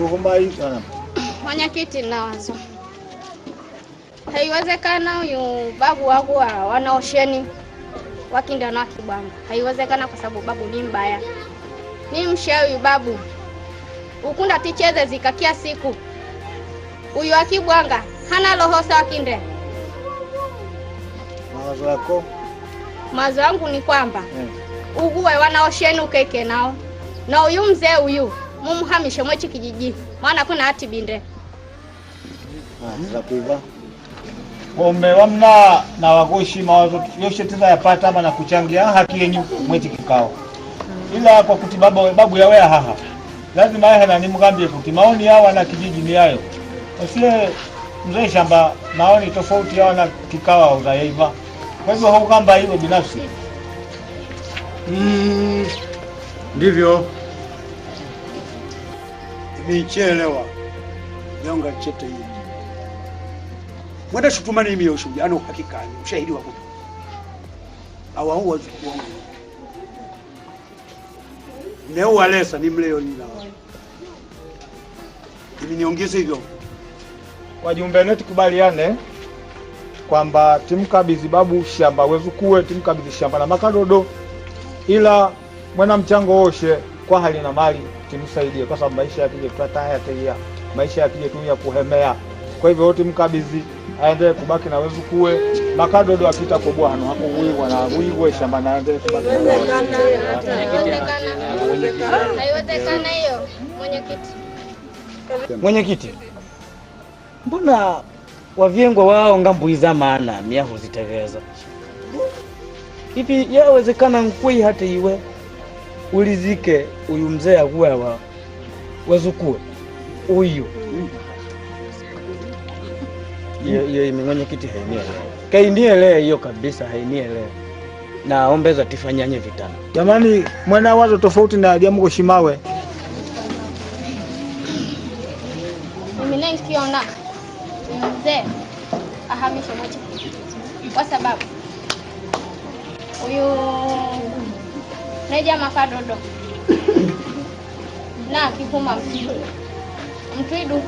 tukumbaisa mwenyekiti, na wazo haiwezekana huyu babu wangu wa wanaosheni wakinda na wakibwanga, haiwezekana kwa sababu babu ni mbaya, ni msha huyu babu ukunda ticheze zikakia siku huyu akibwanga hana lohosa wakinde. Mawazo yako? Mawazo yangu ni kwamba hmm, uguwe wanaosheni ukeke nao na huyu mzee huyu mumuhamishe mwechi kijiji mwana kuna hati binde kuiva mume wamna na wagoshi mawazo yoshe tena yapata ama na kuchangia haki yenyu mwechi kikao ila kwa kuti baba babu wea haha lazima yahe nani mgambie kuti maoni yao wana kijiji ni yayo asiye mzee shamba maoni tofauti yao na kikawa uzayaiva kwa hivyo hukamba hivyo binafsi mm, ndivyo nichelewa nyonga chete hii mwenda shutumani mimi ushuhuda ana uhakika ni ushahidi wa kutu awao wazukuu wangu neu walesa ni mleo nina imeniongeza hivyo wajumbe wetu tukubaliane kwamba timkabidhi babu shamba wezukuwe timkabidhi shamba na makadodo ila mwana mchango woshe kwa hali na mali kimsaidie, kwa sababu maisha yapije, tutataha yateia, maisha yapije tu ya kuhemea. Kwa hivyo wote mkabidhi, aendelee kubaki na wezukuwe kuwe makadodo akita kwa bwana hapo wiwa na wiwe shamba na aendelee kubaki na Haiwezekana hiyo, mwenyekiti. Mwenyekiti, mbona wavyengwa wao ngambuiza maana mia huzitegeza hivi, yawezekana nkui hata iwe ulizike uyu mzee wa wazukue uyu iyo iyo imeng'anya kiti hainiele kainiele hiyo kabisa hainiele na ombeza tifanyanye vitana jamani mwana wazo tofauti na aliamuko shimawe minenkiona mzee ahamisha moja kwa sababu neja makadodo na kipuma mtwidu mtwidu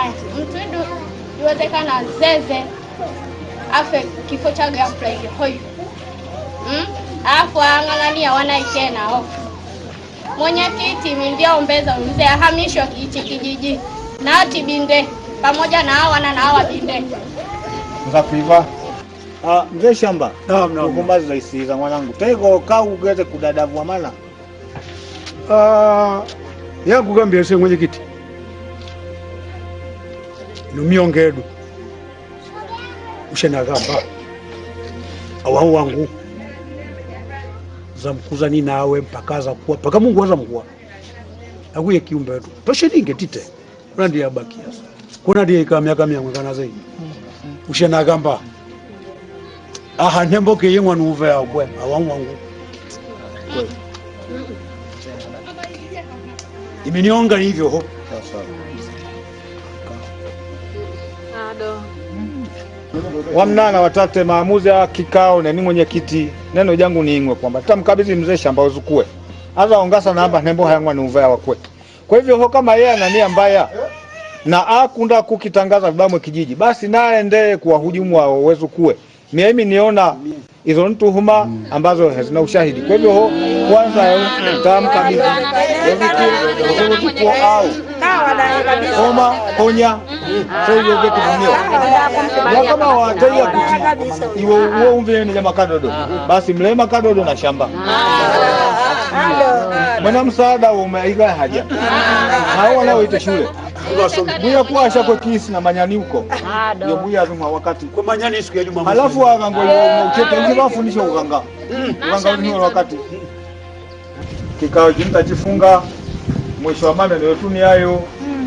aya mtwidu iwezekana zeze afe kifo cha ghafla hivi hoyo mm? alafu ang'ang'ania wanaikena hofu mwenyekiti mindiaombeza mzee ahamishwa kiichi kijiji naati binde pamoja na awana na awa binde kuiva Ah, mzee shamba. Naam, naam. isi za mwanangu. Tego kau geze kudadavua mana Ah, yakugambia se mwenyekiti. Numiongedu. Ushenagamba. Awahu wangu. mkuza ni nawe mpaka za kuwa. Paka Mungu azamkuwa. Akuye kiumbe wetu. Toshiringe tite. Kuna ndiye abakia. Kuna ikamia kamia miaka mia mwaka mm, mm. na zaidi. Ushenagamba aha ntembo ke yengwa nuva ya imenionga hivyo ho wamnana watate maamuzi ya kikao neni mwenyekiti neno jangu niingwe kwamba tamkabidhi mzee shamba uzukue aza ongasa namba ntembo hayangwa nuva ya wakwe kwa hivyo ho kama yeye anania mbaya na akunda kukitangaza vibamwe kijiji basi naendee kuwahujumu wao wezukue mimi mimi niona hizo ni tuhuma ambazo hazina ushahidi. Kwa hivyo kwanza eh, tamkabidhi yaani evitu au homa ponya sivyo vitu kama wataia kuti iwe uo umvile ni nyama kadodo basi mlema kadodo na shamba mwana msaada umeiga haja hao wanaoita shule bwya kuasha kwe kisi na manyani huko ah, ndio bwya zuma wakati kwa manyani siku ya juma halafu akango ucheka eh, nje bafundisha uganga mm. uganga ni wakati kikao jinta chifunga mwisho wa mame ndio tuni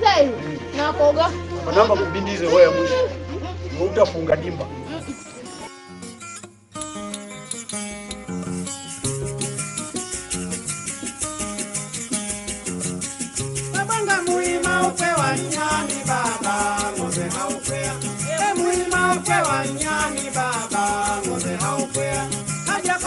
Sikiliza hiyo. Nakoga. Naomba kubindize wewe mwisho. Utafunga dimba. Babanga mulima upewa nyani baba, ng'ombe haupea. E mulima upewa nyani baba, ng'ombe haupea. Haja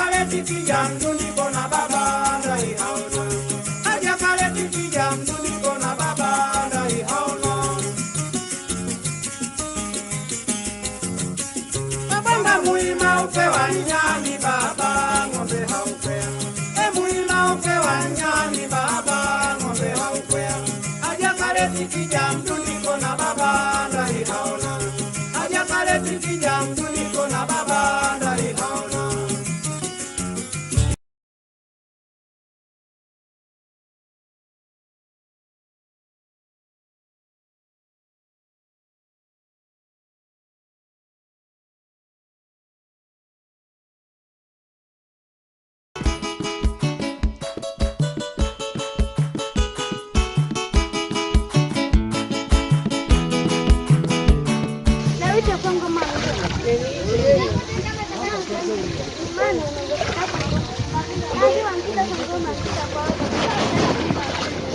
Nimeita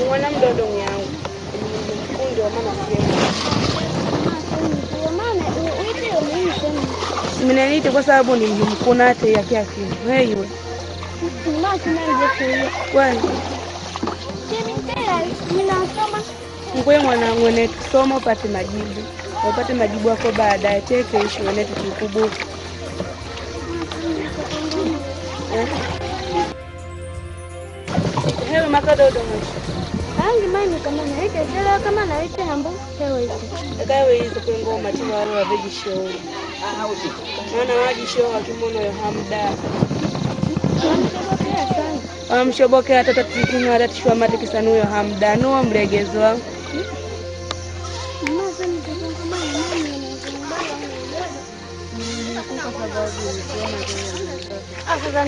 Mwana mdodo mwangu. Kundi wa mama Mnaniita kwa sababu ni mkunate ya kiasi. Wewe. Kwani? Mkwe mwanangu, netusoma upate majibu wapate majibu yako baadaye. Take ishi wenetu kikubwa eh? hewe makadodomashi ah, Hangi mimi kama naitezelewa kama naite hambu keweizo ekaweizo kwengoma tiwaro wavejishowo ah, naona wajishowo wakimono yohamda wamshobokea tatatikimwatatishuwa hamda ah, yohamda nuwomlegezwa hmm? Aku nitamwambia.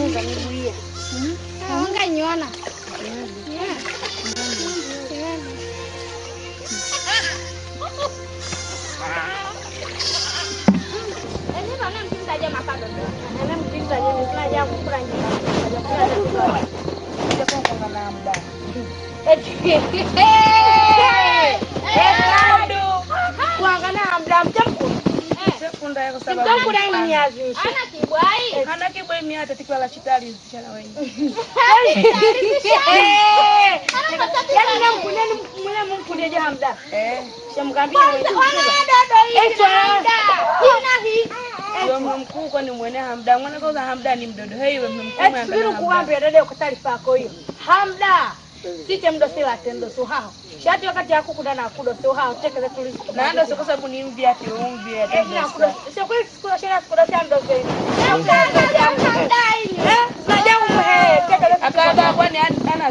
Anga Sikunda kwa sababu sikunda ni azimisha. Ana kibwai. Kana kibwai mimi hata la chitali zishana wenyewe. Yaani na mkuneni mwenye mkunye je hamda. Eh. Shamkambia wewe. Ona dodo hii. Kuna hii. Ndio mkuu kwa ni mwenye hamda. Mwana kwanza hamda ni mdodo. Hey wewe mkuu. Subiri kuambia dada kwa taarifa yako hiyo. Hamda mdo mdosela atendo suhaho shati wakati akukuda na akudo suhaho tekele tuli naando sio kwa sababu ni mvi ati umvi ati akudo sio kweli sikuda shela sikuda shela mdosela zaja umuhe tekele akaba kwani ana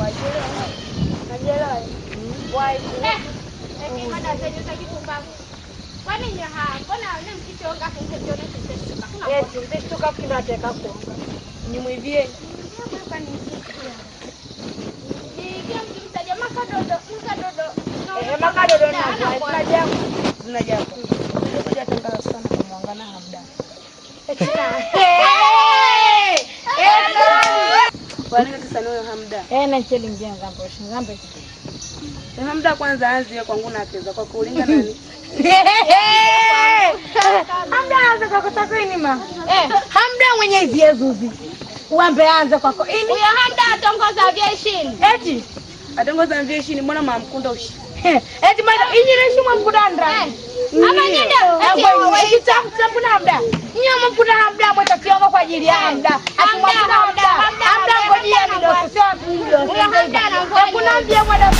Wajelewa. Wajelewa. Wajelewa. Wajelewa. Wajelewa. Wajelewa. Wajelewa. Wajelewa kwaminya ha mbona nemtichoga kunkebyo netintesuka yes ntesuka kinateka konga nimwivye nikimtaja makadodo eh, makadodo hamda eh, eh, kwanza anzie kwangu na keza kwa kulinga nani hamda mwenye vyezuzi uambe anze kwako ini huyo hamda atongoza shini eti atongoza shini mwana mamkunda ushi eti mwana inyire shimwe mkuda ndra ama nyenda eti wewe itafuta hamda nyama mkuda hamda mwa tatianga kwa ajili ya hamda hamda hamda hamda ngojea ndio sio hamda hakuna mbia mwana